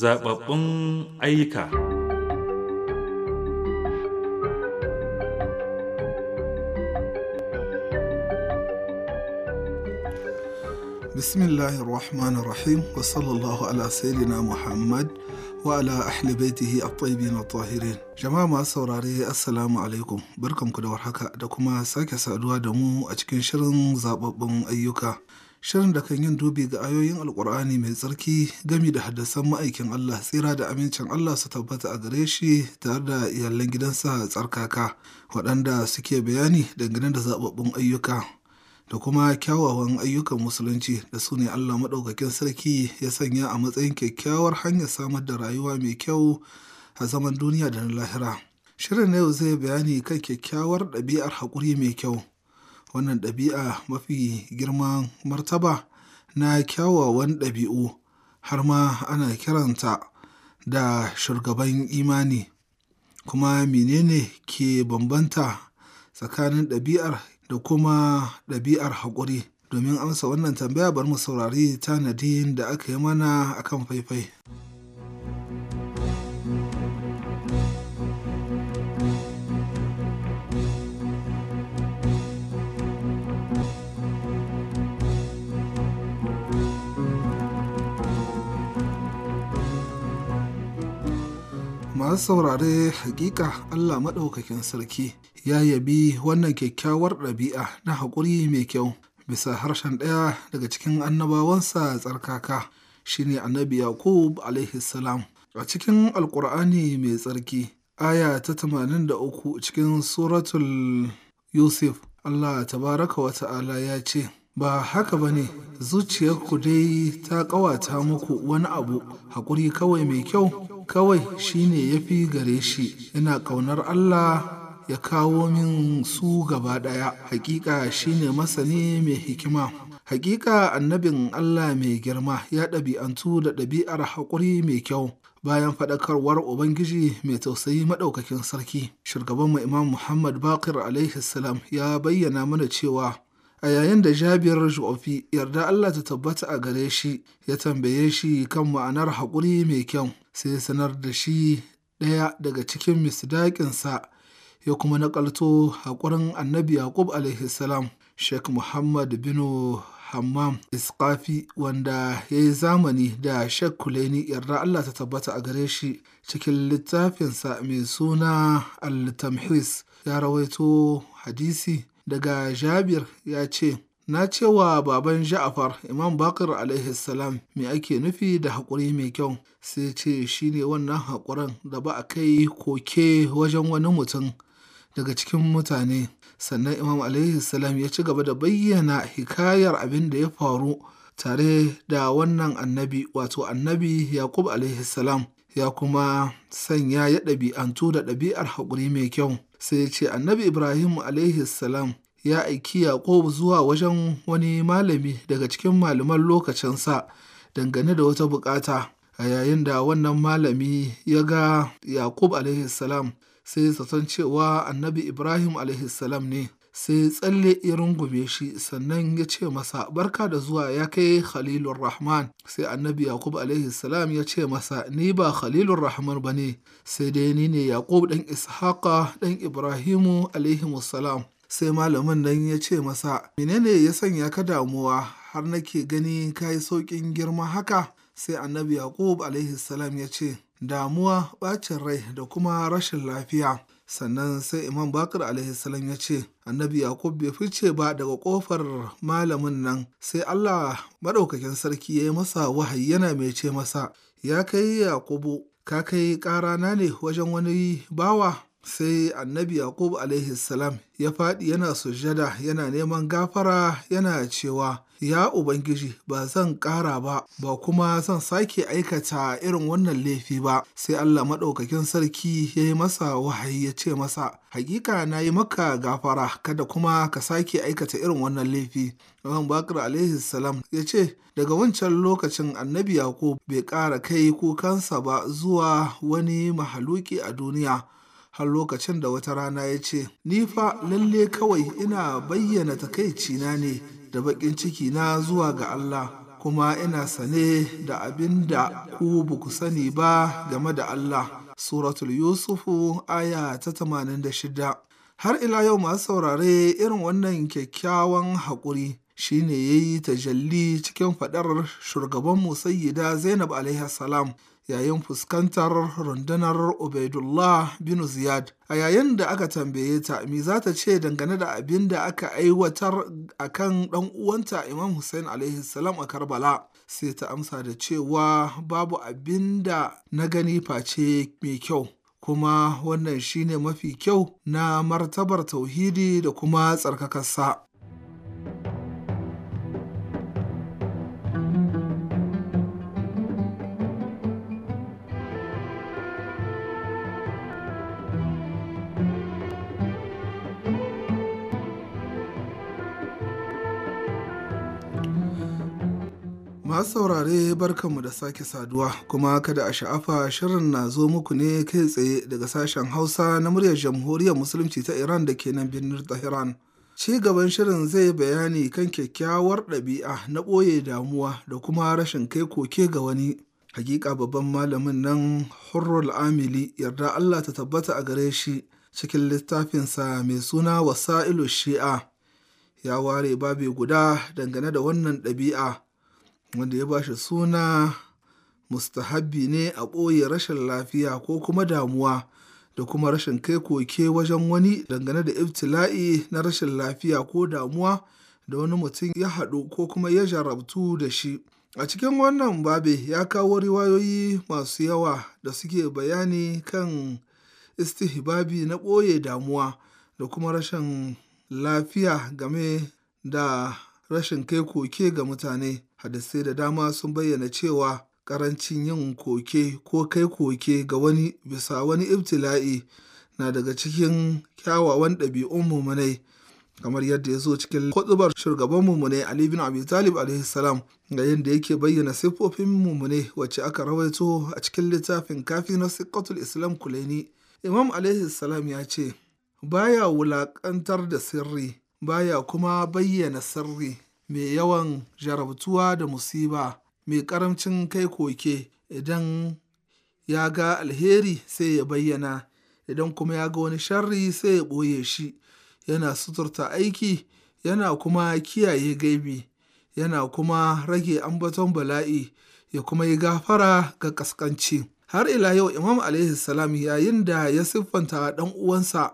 zababbun ayyuka bismillahi rahmanir rahim wa sallallahu ala sayyidina muhammad wa ala ahli baitihi at-tayyibin at-tahirin jama'a masu saurare assalamu alaikum barkanku da warhaka da kuma sake saduwa da mu a cikin shirin zababbun ayyuka shirin da kan yin dubi ga ayoyin alkur'ani mai tsarki gami da haddasan ma'aikin Allah tsira da amincin Allah su tabbata a gare shi tare da iyalan gidansa tsarkaka waɗanda suke bayani dangane da zababbun ayyuka da kuma kyawawan ayyukan musulunci da su ne Allah maɗaukakin sarki ya sanya a matsayin kyakkyawar hanyar samar da rayuwa mai kyau a zaman duniya da na lahira. Shirin na yau zai bayani kan kyakkyawar ɗabi'ar haƙuri mai kyau. wannan ɗabi'a mafi girman martaba na kyawawan ɗabi'u har ma ana kiranta da shugaban imani kuma menene ke bambanta tsakanin ɗabi'ar da kuma ɗabi'ar haƙuri domin amsa wannan tambaya bar mu saurari tanadin da aka yi mana akan faifai. masu saurare hakika Allah maɗaukakin sarki ya yabi wannan kyakkyawar ɗabi'a na haƙuri mai kyau bisa harshen ɗaya daga cikin annabawansa tsarkaka shine annabi Yakub alaihi salam a cikin alƙur'ani mai tsarki aya ta tamanin da uku cikin suratul Yusuf Allah tabaraka wa ta'ala ya ce ba haka ba ne zuciyarku dai ta kawata muku wani abu haƙuri kawai mai kyau kawai shine ya fi gare shi ina ƙaunar Allah ya kawo min su gaba ɗaya hakika shine masani mai hikima hakika annabin Allah mai girma ya ɗabi'antu da ɗabi'ar haƙuri mai kyau bayan faɗakarwar Ubangiji mai tausayi maɗaukakin sarki, mu Imam Muhammad Bakir alaihi salam ya bayyana mana cewa a yayin da jabiyar Ju'afi yarda Allah ta tabbata a gare shi ya tambaye shi kan ma'anar haƙuri mai kyau sai sanar da shi ɗaya daga cikin misdaƙinsa ya kuma naƙalto haƙurin annabi Yaqub alaihi salam Sheikh Muhammad bin Hammam iskafi wanda ya yi zamani da Sheikh Kuleni yarda Allah ta tabbata a gare shi cikin littafinsa mai suna Al-Tamhis ya rawaito hadisi daga Jabir ya ce, Na ce wa baban Ja'afar Imam Bakar salam me ake nufi da haƙuri mai kyau, sai ce shi ne wannan haƙurin da ba a kai koke wajen wani mutum daga cikin mutane. Sannan Imam salam ya ci gaba da bayyana hikayar abin da ya faru tare da wannan annabi wato annabi yakub salam ya kuma sanya ya ɗabi'antu da ɗabi'ar haƙuri mai kyau. sai ya ce annabi ibrahim salam ya aiki Ya'qub zuwa wajen wani malami daga cikin malaman lokacinsa dangane da wata bukata a yayin da wannan malami ya ga Ya'qub salam sai zaton cewa annabi ibrahim salam ne sai tsalle irin rungume shi sannan ya ce masa barka da zuwa ya kai Khalilun rahman sai annabi yaqub alaihi salam ya ce masa ni ba Khalilun rahman bane sai dai ni ne yaqub dan ishaqa dan ibrahimu alaihi salam sai malamin nan ya ce masa menene ya sanya ka damuwa har nake gani kayi saukin girma haka sai annabi yaqub alaihi salam ya ce damuwa bacin rai da kuma rashin lafiya sannan sai imam bakar alaihissalam ya ce annabi yakub bai fice ba daga kofar malamin nan sai allah maɗaukakin sarki ya yi masa wahayi yana mai ce masa ya kai yakubu ka kai ƙarana ne wajen wani bawa sai annabi yaqub alaihi salam ya faɗi yana sujada yana neman gafara yana cewa ya ubangiji ba zan ƙara ba ba kuma zan sake aikata irin wannan laifi ba sai allah maɗaukakin sarki ya yi masa wahayi ya ce masa hakika na yi maka gafara kada kuma ka sake aikata irin wannan laifi imam bakar alaihi salam ya ce daga wancan lokacin annabi yaqub bai ƙara kai kukansa ba zuwa wani mahaluki a duniya har lokacin da wata rana ya ce, Ni fa lalle kawai ina bayyana takaicina ne da baƙin ciki na zuwa ga Allah, kuma ina sane da abin da ku ba ku sani ba game da Allah. Suratul Yusufu aya ta shida. Har ila yau masu saurare irin wannan kyakkyawan haƙuri shi ne ya yi tajalli cikin faɗar shugaban musayyida Zainab alaihi salam yayin fuskantar rundunar Ubaidullah bin Ziyad. A yayin da aka tambaye ta, me za ta ce dangane da abin da aka aiwatar a kan ɗan uwanta Imam Hussein alaihi a Karbala, sai ta amsa da cewa babu abin da na gani face mai kyau. Kuma wannan shine mafi kyau na martabar tauhidi da kuma tsarkakarsa. Masu saurare barkanmu da sake saduwa kuma kada a sha'afa shirin na zo muku ne kai tsaye daga sashen Hausa na muryar Jamhuriyar Musulunci ta Iran da ke nan birnin tahiran Ci gaban shirin zai bayani kan kyakkyawar ɗabi'a na ɓoye damuwa da kuma rashin kai koke ga wani. Hakika babban malamin nan Hurrul Amili yarda Allah ta tabbata a gare shi cikin littafinsa mai suna Wasa'ilu Shi'a ya ware babi guda dangane da wannan ɗabi'a. wanda ya bashi suna mustahabbi ne a ɓoye rashin lafiya ko kuma damuwa da kuma rashin kai koke wajen wani dangane da ibtila'i na rashin lafiya ko damuwa da wani mutum ya haɗu ko kuma ya jarabtu da shi a cikin wannan babe ya kawo riwayoyi masu yawa da suke bayani kan istihbabi na ɓoye damuwa da kuma rashin lafiya game da rashin kai koke ga mutane hadisai da dama sun bayyana cewa ƙarancin yin koke ko kai koke ga wani bisa wani ibtila'i na daga cikin kyawawan ɗabi'un mummunai kamar yadda ya zo cikin kwatsubar shugaban mummunai ali bin abi talib alaihi salam ga yadda yake bayyana siffofin mummunai wacce aka rawaito a cikin littafin kafi na siqqatul islam kulaini imam alaihi salam ya ce baya wulaƙantar da sirri baya kuma bayyana sirri mai yawan jarabtuwa da musiba mai ƙaramcin kai koke idan ya ga alheri sai ya bayyana idan kuma ya ga wani sharri sai ya ɓoye shi yana suturta aiki yana kuma kiyaye gaibi yana kuma rage ambaton bala'i ya kuma yi gafara ga kaskanci har ila yau imam alaihi salam yayin da ya siffanta ɗan uwansa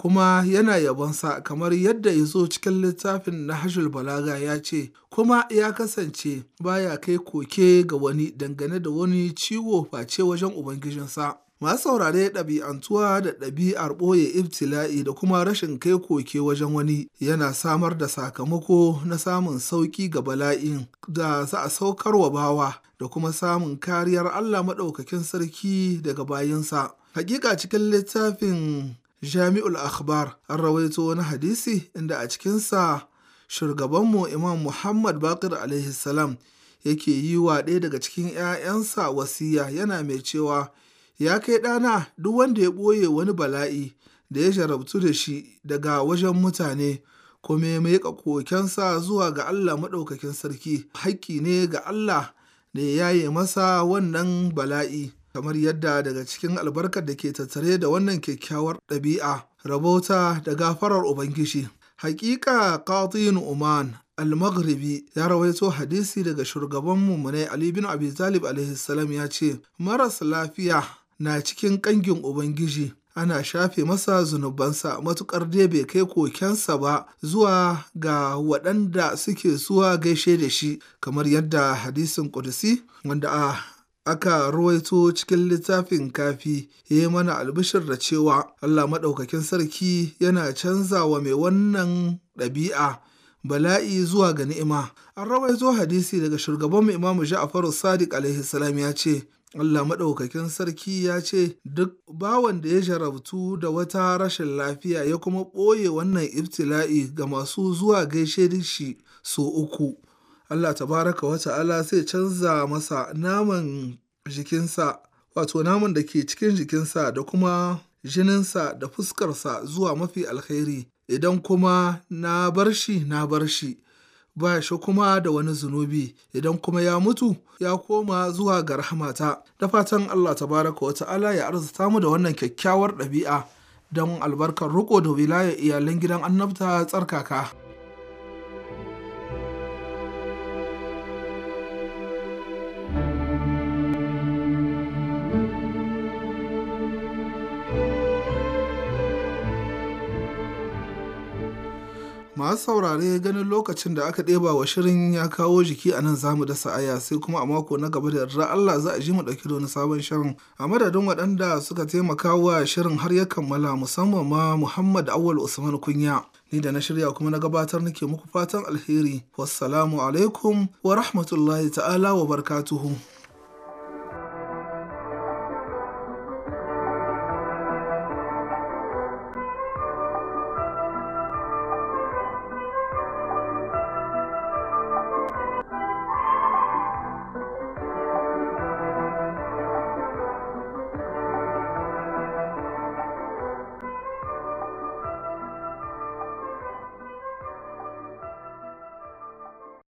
kuma yana yabonsa kamar yadda ya zo cikin littafin na hashul balaga ya ce kuma ya kasance baya kai koke ga wani dangane da wani ciwo face wajen ubangijinsa masu saurare ɗabi'antuwa da ɗabi'ar ɓoye ibtila'i da kuma rashin kai koke wajen wani yana samar da sakamako na samun sauƙi ga bala'in da za a saukar wa bawa da kuma samun kariyar allah maɗaukakin sarki daga bayinsa. hakika cikin littafin jami'ul akhbar an rawaito wani hadisi inda a cikinsa shugabanmu imam muhammad bakir alaihi salam yake yi wa ɗaya daga cikin 'ya'yansa wasiya yana mai cewa ya kai ɗana duk wanda ya ɓoye wani bala'i da ya jarabtu da shi daga wajen mutane kuma ya maika kokensa zuwa ga Allah maɗaukakin sarki haƙƙi ne ga Allah da ya yaye masa wannan bala'i kamar yadda daga cikin albarkar da ke tattare da wannan kyakkyawar ɗabi'a rabota da gafarar ubangiji hakika qatin uman almaghribi ya rawaito hadisi daga shugaban mummunai ali bin abi talib alaihi salam ya ce maras lafiya na cikin kangin ubangiji ana shafe masa zunubansa matuƙar dai bai kai kokensa ba zuwa ga waɗanda suke zuwa gaishe da shi kamar yadda hadisin ƙudusi wanda a aka ruwaito cikin littafin kafi ya yi mana albishir da cewa Allah maɗaukakin sarki yana canzawa mai wannan ɗabi'a bala'i zuwa ga ni'ima an rawaito hadisi daga shugaban mu imamu ja'faru sadiq alaihi salam ya ce Allah maɗaukakin sarki ya ce duk bawan da ya jarabtu da wata rashin lafiya ya kuma ɓoye wannan ibtila'i ga masu zuwa gaishe shi so uku Allah tabaraka wa ta'ala zai canza masa naman jikinsa wato naman da ke cikin jikinsa da kuma jininsa da fuskarsa zuwa mafi alkhairi idan kuma na bar shi na bar shi ba shi kuma da wani zunubi idan kuma ya mutu ya koma zuwa ga rahamata da fatan Allah tabaraka wata ta'ala ya arzuta mu da wannan kyakkyawar ɗabi'a don albarkar riko da Wilaya iyalan gidan annabta tsarkaka. masu saurare ganin lokacin da aka ɗeba wa shirin ya kawo jiki a nan za mu dasa aya sai kuma a mako na gaba da yarda Allah za a ji mu ɗauki doni wani sabon shirin a madadin waɗanda suka taimaka wa shirin har ya kammala musamman ma Muhammad Awal Usman Kunya ni da na shirya kuma na gabatar nake muku fatan alheri wassalamu alaikum wa rahmatullahi ta'ala wa barkatuhu